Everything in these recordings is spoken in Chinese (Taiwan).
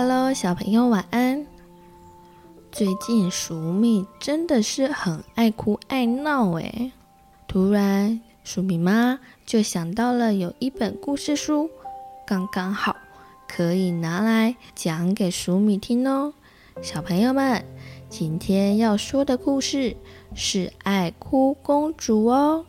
哈囉，Hello, 小朋友晚安。最近黍米真的是很愛哭愛鬧誒。突然黍米媽就想到了有一本故事書，剛剛好可以拿來講給黍米聽哦。小朋友們，今天要說的故事是愛、哦《愛哭公主》哦。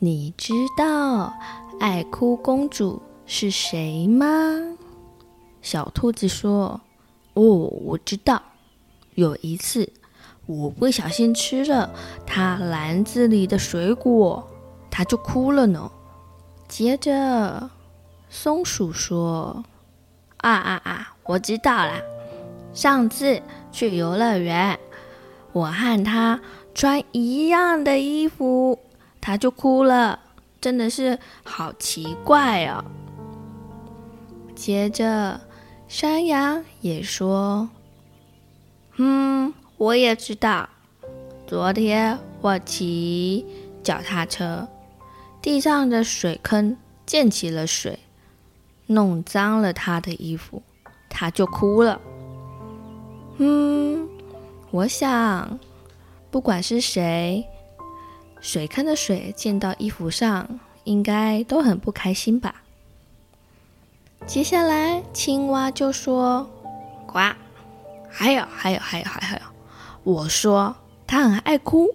你知道愛哭公主是誰嗎？小兔子說：“哦，我知道，有一次我不小心吃了它籃子裡的水果，它就哭了呢。”接着，松鼠說：“啊啊啊！我知道啦。上次去遊樂園，我和它穿一樣的衣服，它就哭了，真的是好奇怪哦。”接着。山羊也說：“嗯，我也知道。昨天我騎腳踏車，地上的水坑濺起了水，弄髒了他的衣服，他就哭了。嗯，我想，不管是誰，水坑的水濺到衣服上，應該都很不開心吧。”接下來，青蛙就說：“呱！”還有，還有，還有，還有！我說他很愛哭，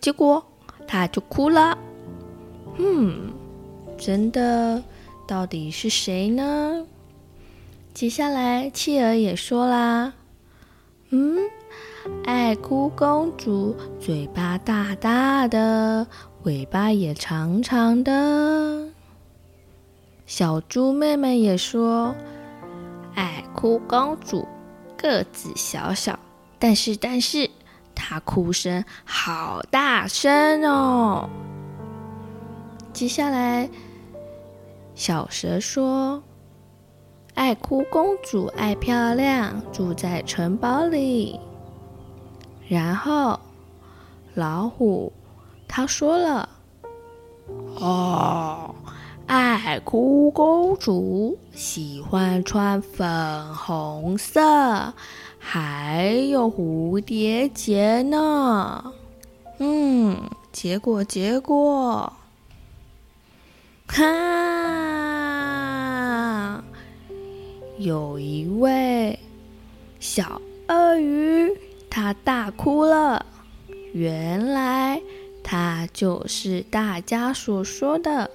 結果他就哭了。嗯，真的，到底是誰呢？接下來，企鵝也說啦：“嗯，愛哭公主，嘴巴大大的，尾巴也長長的。”小豬妹妹也說：“愛哭公主個子小小，但是但是她，哭聲好大聲哦。”接下來，小蛇說：“愛哭公主愛漂亮，住在城堡裡。”然後，老虎他說了：“哦。”愛哭公主喜歡穿粉紅色，還有蝴蝶結呢。嗯，結果結果，哈、啊，有一位小鱷魚，它大哭了。原來，它就是大家所說的。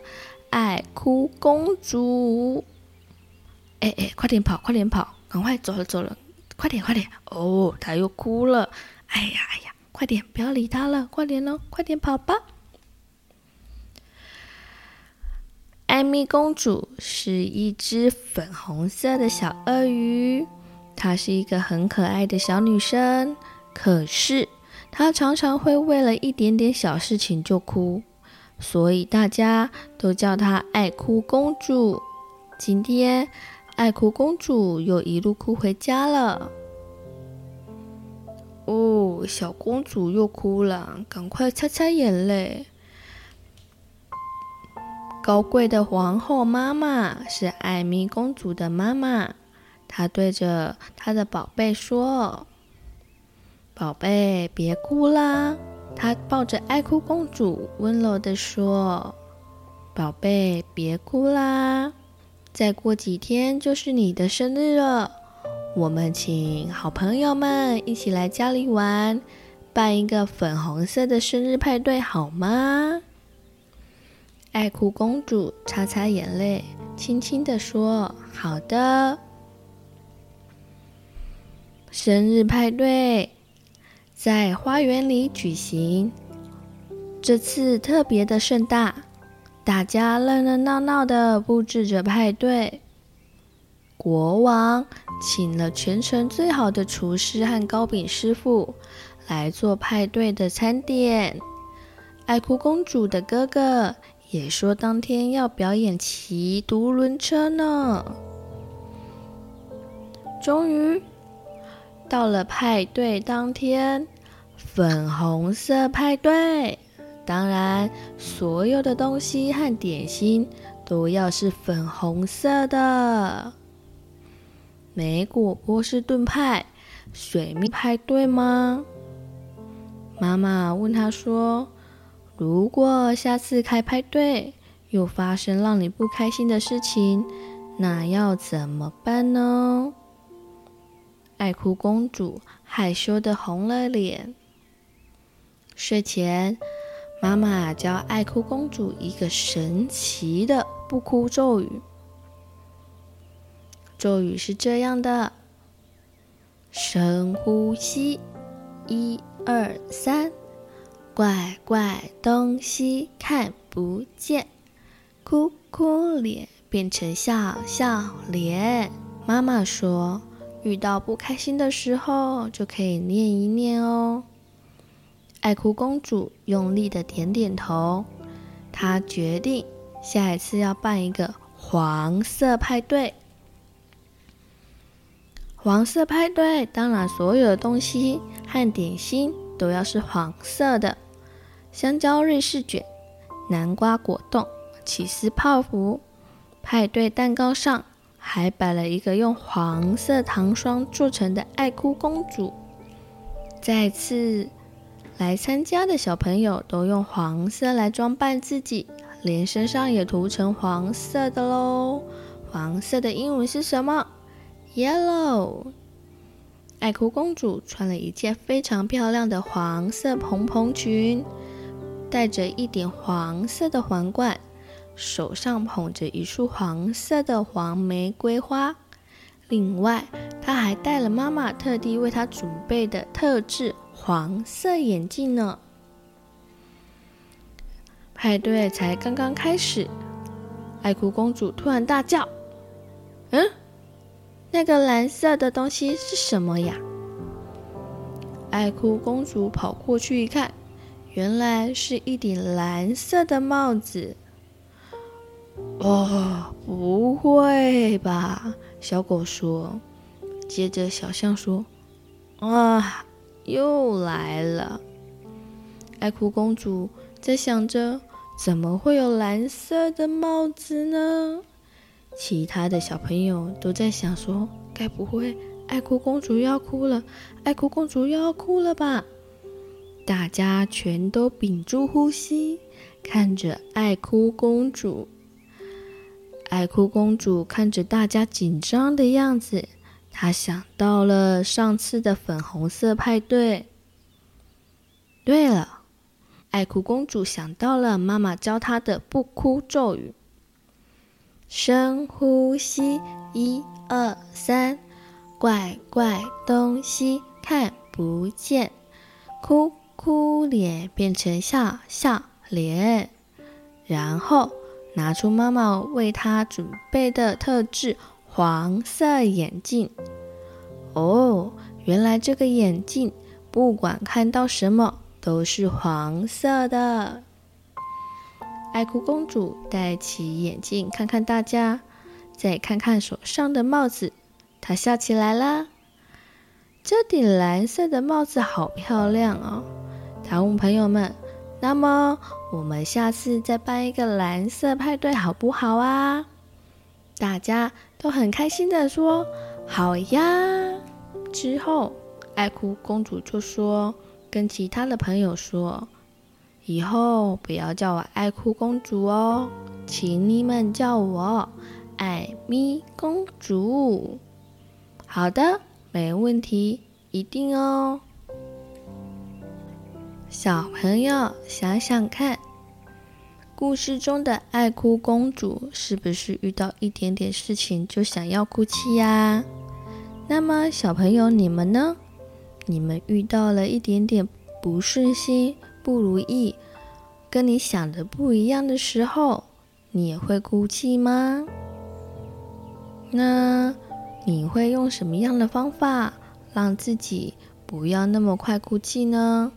愛哭公主，哎、欸、哎、欸，快點跑，快點跑，趕快走了走了，快點快點哦，她又哭了，哎呀哎呀，快點不要理她了，快點哦，快點跑吧。艾米公主是一隻粉紅色的小鱷魚，她是一個很可愛的小女生，可是她常常會為了一點點小事情就哭。所以大家都叫她愛哭公主。今天愛哭公主又一路哭回家了。哦，小公主又哭了，趕快擦擦眼淚。高貴的皇后媽媽是艾米公主的媽媽，她對着她的寶貝說：“寶貝，別哭啦。”他抱着愛哭公主，溫柔的說：“寶貝，別哭啦，再過幾天就是你的生日了，我們請好朋友們一起來家裡玩，辦一個粉紅色的生日派對，好嗎？”愛哭公主擦擦眼淚，輕輕的說：“好的。”生日派對。在花園裡舉行，這次特別的盛大，大家熱熱鬧鬧的布置着派對。國王請了全城最好的廚師和糕餅師傅來做派對的餐點。愛哭公主的哥哥也說當天要表演騎獨輪車呢。終於。到了派對當天，粉紅色派對，當然所有的東西和點心都要是粉紅色的。美果波士頓派，水蜜派對嗎？媽媽問他說：“如果下次開派對又發生讓你不開心的事情，那要怎麼辦呢？”愛哭公主害羞的紅了臉。睡前，媽媽教愛哭公主一個神奇的不哭咒語。咒語是這樣的：深呼吸，一二三，怪怪東西看不見，哭哭臉變成笑笑臉。媽媽說。遇到不開心的時候，就可以念一念哦。愛哭公主用力的點點頭，她決定下一次要辦一個黃色派對。黃色派對，當然所有的東西和點心都要是黃色的：香蕉瑞士卷、南瓜果凍、起司泡芙、派對蛋糕上。還擺了一個用黃色糖霜做成的愛哭公主。再次來參加的小朋友都用黃色來裝扮自己，連身上也塗成黃色的嘍。黃色的英文是什麼？Yellow。愛哭公主穿了一件非常漂亮的黃色蓬蓬裙，戴着一頂黃色的皇冠。手上捧着一束黃色的黃玫瑰花，另外，她還戴了媽媽特地為她準備的特制黃色眼鏡呢。派對才剛剛開始，愛哭公主突然大叫：“嗯，那個藍色的東西是什麼呀？”愛哭公主跑過去一看，原來是一頂藍色的帽子。哦，不會吧！小狗說。接着，小象說：“啊，又來了！”愛哭公主在想着：“怎麼會有藍色的帽子呢？”其他的小朋友都在想說：“該不會愛哭公主要哭了？愛哭公主要哭了吧？”大家全都屏住呼吸，看着愛哭公主。愛哭公主看着大家緊張的樣子，她想到了上次的粉紅色派對。對了，愛哭公主想到了媽媽教她的不哭咒語。深呼吸，一二三，怪怪東西看不見，哭哭臉變成笑笑臉，然後，拿出媽媽為她準備的特制黃色眼鏡。哦，原來這個眼鏡不管看到什麼都是黃色的。愛哭公主戴起眼鏡，看看大家，再看看手上的帽子，她笑起來了。這頂藍色的帽子好漂亮啊！哦，她問朋友們。那麼我們下次再辦一個藍色派對好不好啊？大家都很開心的說好呀。之後，愛哭公主就說：“跟其他的朋友說，以後不要叫我愛哭公主哦，請你們叫我愛咪公主。”好的，沒問題，一定哦。小朋友，想想看，故事中的愛哭公主是不是遇到一點點事情，就想要哭泣呀、啊？那麼，小朋友你們呢？你們遇到了一點點不順心、不如意、跟你想的不一樣的時候，你也會哭泣嗎？那你會用什麼樣的方法讓自己不要那麼快哭泣呢？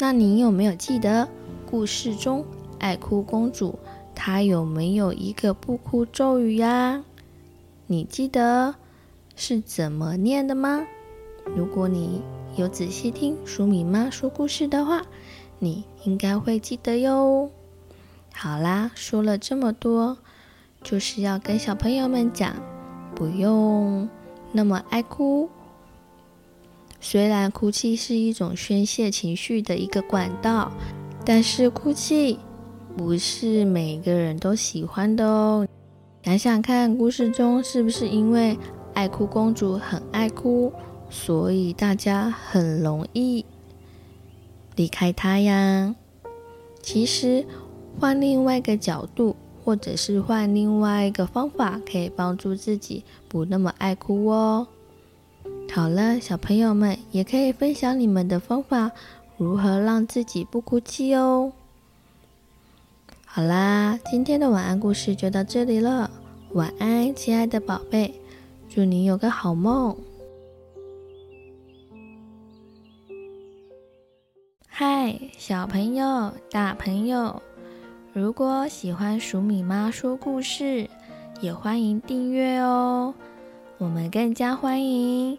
那你有沒有記得故事中愛哭公主，她有沒有一個不哭咒語呀、啊？你記得是怎麼念的嗎？如果你有仔細聽黍米媽說故事的話，你應該會記得喲。好啦，說了這麼多，就是要跟小朋友們講，不用那麼愛哭。雖然哭泣是一種宣洩情緒的一個管道，但是哭泣不是每個人都喜歡的哦。想想看，故事中是不是因為愛哭公主很愛哭，所以大家很容易離開她呀？其實，換另外一個角度，或者是換另外一個方法，可以幫助自己不那麼愛哭哦。好了，小朋友們也可以分享你們的方法，如何讓自己不哭泣哦。好啦，今天的晚安故事就到這裡了，晚安，親愛的寶貝，祝你有個好夢。嗨，小朋友、大朋友，如果喜歡黍米媽說故事，也歡迎訂閱哦，我們更加歡迎。